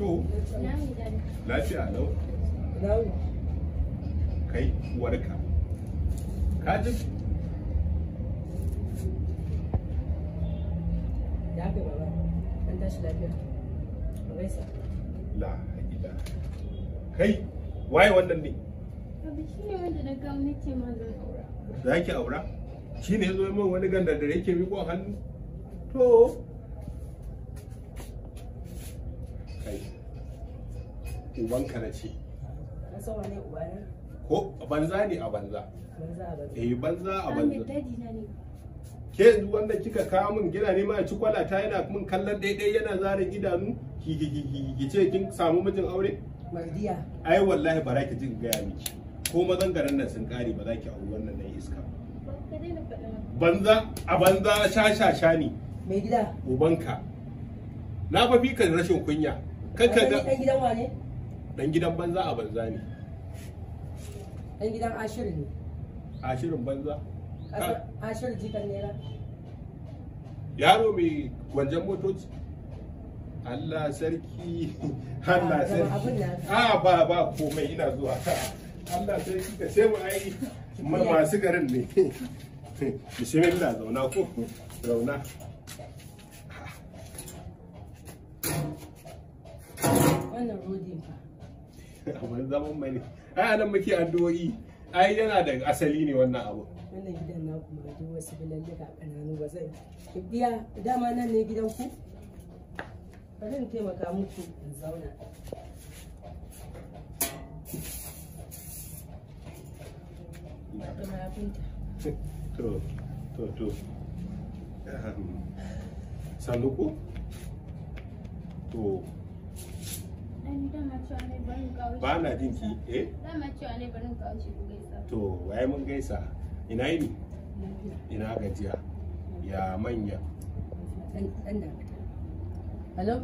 To, lafiya lau. Kai warka Ka ji? baba, tashi lafiya. La ila. Kai, waye wannan ne? Abu shi ne wanda na aura. Za ki aura? Shi ne ya zo min wani gandar da yake miƙo hannu? To, kai ubanka na ce ko banza ne a banza eh banza a banza ke yanzu wanda kika kawo min gina ne ma ya ci kwalata yana min kallon daidai yana zara idanu ki ce kin samu mijin aure mardiya ai wallahi bara ki jin gaya miki ko mazan garin nan sun kare ba za ki auri wannan nan iska banza a banza sha sha sha ne mai gida ubanka na fafi fi ka rashin kunya kaka da dan gidan wane dan gidan banza a banza ne dan gidan ashirin ne ashirin banza ashirin jikan naira yaro mai gwanjan motoci Allah sarki Allah sarki a ba ba komai ina zuwa Allah sarki ka sai mu ai masu garin ne bismillah zauna ko zauna wannan rodin fa amma zaman mai ne ai muke addu'o'i ai yana da asali ne wannan abu wannan gidan na kuma da wasu bilalluka kananu ba zai biya dama nan ne gidan ku bari in taimaka muku in zauna to to to ehm, to ba na jin ki eh to waye mun gaisa ina yini ina gajiya ya manya hello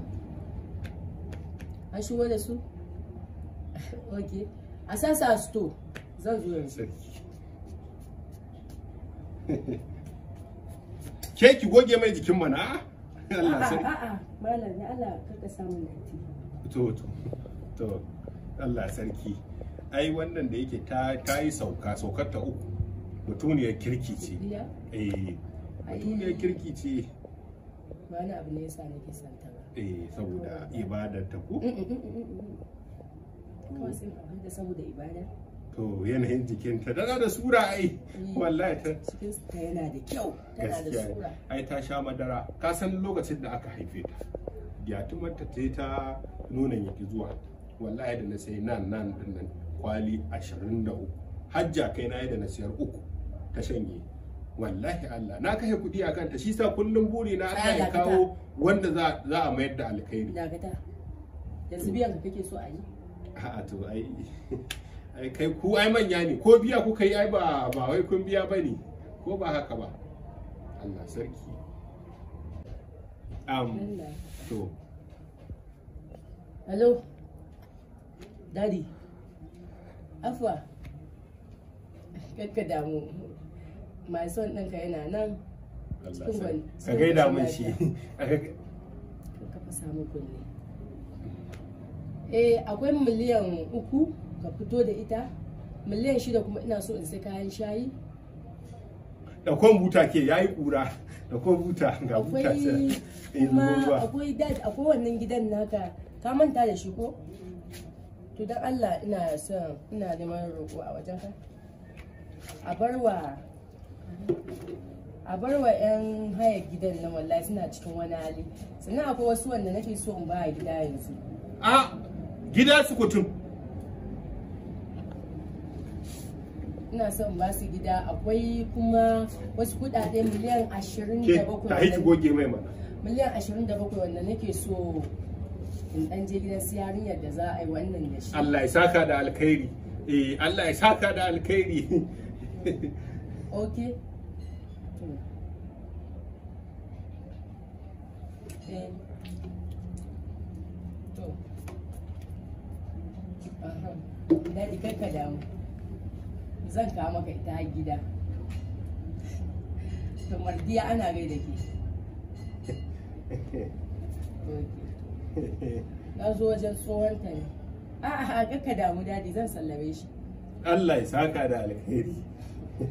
an shigo da su ok a sasa zan zo yanzu ke ki goge mai jikin mana ah? a'a malam Allah samu lafiya to to to Allah sarki ai wannan da yake ta ta yi sauka saukar ta uku mutuniyar kirki ce eh mutuniyar kirki ce ba wani abu ne yasa nake son ba eh saboda ibadar ta ko mm, mm, mm, kawai saboda ibada to yanayin jikinta tana da sura ai wallahi ta ta yana da kyau tana da sura ai ta sha madara ka san lokacin da aka haife ta gyatumar ta ta ta nuna yake zuwa wallahi da na sai nan nan din nan kwali 23 hajja kai na da na sayar uku ta shanye wallahi Allah na kashe kuɗi a kanta shi sa kullum buri na Allah ya kawo wanda za a mayar da alkhairi Da yanzu biyan ka kake so a yi a'a to ai ai kai ku ai manya ne ko biya kuka yi ai ba ba wai kun biya bane ko ba haka ba Allah sarki um, Allah. Hello. Daddy. Afwa. My son ɗinka yana nan. Ka gaida mun shi. Ka fa samu kunne. Eh akwai miliyan uku ka fito da ita. Miliyan shida kuma ina so in sai kayan shayi. da buta ke ya yi kura da buta ga buta ta eh, akwai dad akwai wannan gidan naka ka manta da shi ko to dan allah ina son ina neman roƙo a wajen ka a barwa a barwa yan haya gidan na wallahi suna cikin wani hali sannan akwai wasu wanda nake so in ba gida yanzu a gida su kutum ina son ba su gida akwai kuma wasu kudade miliyan 27 ta hiki goge mai mana miliyan 27 wanda nake so in dan je gidan su yarinyar da za a yi wannan da shi Allah ya saka da alkhairi eh Allah ya saka da alkhairi okay eh to aha da ikar ka damu zan kawo maka ita gida to mardiya ana da ke na zo wajen tsohonta ne a'a kakka damu dadi zan sallame shi Allah ya saka da alheri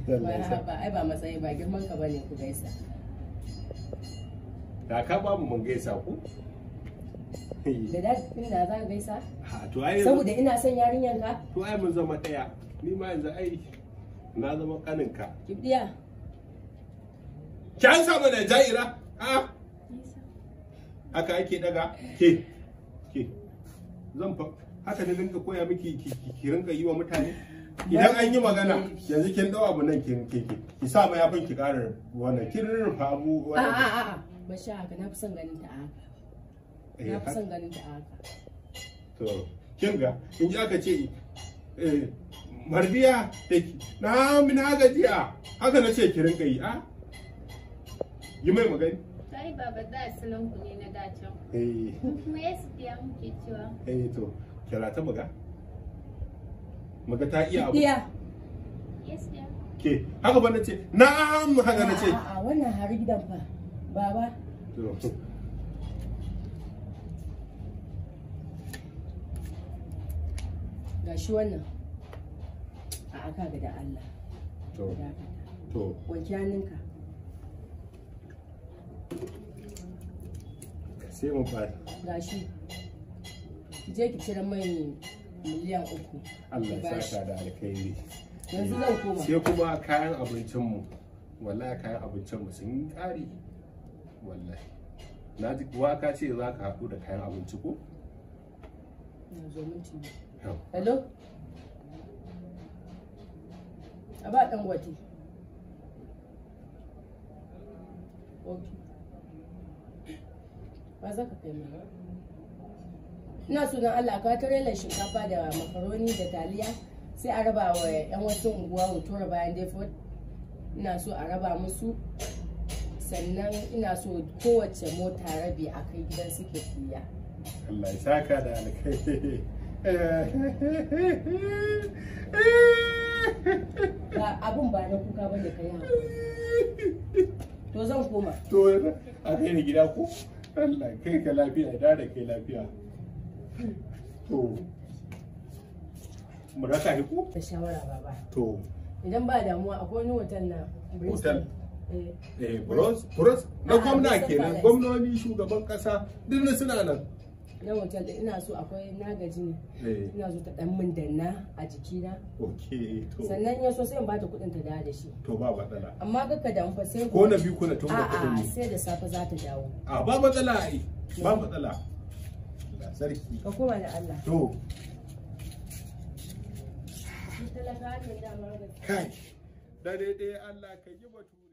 ba ai ba matsayi ba girman ka bane ku gaisa da ka ba mu mun gaisa ku da dadi ina za ka gaisa saboda ina son ka to ai mun zama daya ni ma yanzu ai na zama kaninka kibdiya ki an da jaira a haka ake daga ke ke zan fa haka ne rinka koya miki ki rinka yi wa mutane idan an yi magana yanzu kin dau abu nan kin ke ke ki sa ma yafin ki ƙara wannan kin rufa abu wannan a a'a ba sha haka na fi son ganin ta haka eh, na fi son ganin ta haka to kin ga in ji aka ce eh marbiya da na na gajiya haka na ce ki rinka yi a yi mai magani kai baba da salon ku ne na dacin eh kuma ya su muke cewa eh to kira ta maga maga ta iya abu iya yes dear ke haka ba na ce na'am haka na ce a wannan hari gidan fa baba ga shi wannan Aka ga da Allah to to wajaninka sai mu fara gashi je ki cire mai miliyan uku Allah ya saka da alkhairi yanzu zan koma sai kuma kayan abincinmu wallahi kayan abincinmu sun ƙari wallahi na ji waka ce za ka haɗu da kayan abinci ko? Hello? a ba ɗan gwate ba za ka kai ma ina sunan allah ka shinkafa da makaroni da taliya sai a raba wa 'yan wasu unguwa tura bayan daifot ina so a raba musu sannan ina so kowace mota rabi a kai gidan suke fiya Allah ya saka da alkai ba abun ba na kuka bane kai ha to zan koma to a kai ni gida ko Allah kai ka lafiya da da kai lafiya to mu raka ko da shawara baba to idan ba damuwa akwai wani hotel na hotel eh. eh bros bros na ah, gwamna kenan gwamnoni shugaban kasa duk suna nan na wancan din ina so akwai na gaji ne eh. ina so ta dan min danna a jikina sannan ya so sai in bata kuɗin ta dawo da shi to ba matsala amma kaka da fa sai ko na biyu ko na tumba kuɗin ne sai da safe za ta dawo a ba matsala ai ba matsala sarki ka koma da Allah to kai da Allah ka yi batu